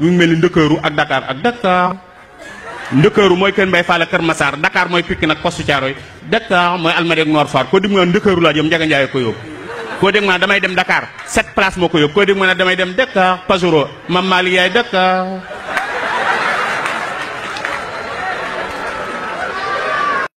mu mel ni Ndëkkëru ak Dakar ak Dakar Ndëkkëru mooy Kër Mbay Fall ak Kër Masaar Dakar mooy Pikine ak postu Thiaroye Dakar mooy Almadies ak Nord Foire koo dégg mu naan laa jëm Njaga ko yóbbu koo dégg mu damay dem Dakar set place moo ko yóbbu koo dégg mu damay dem Dakar Pajoro Mam Mali yaay Dakar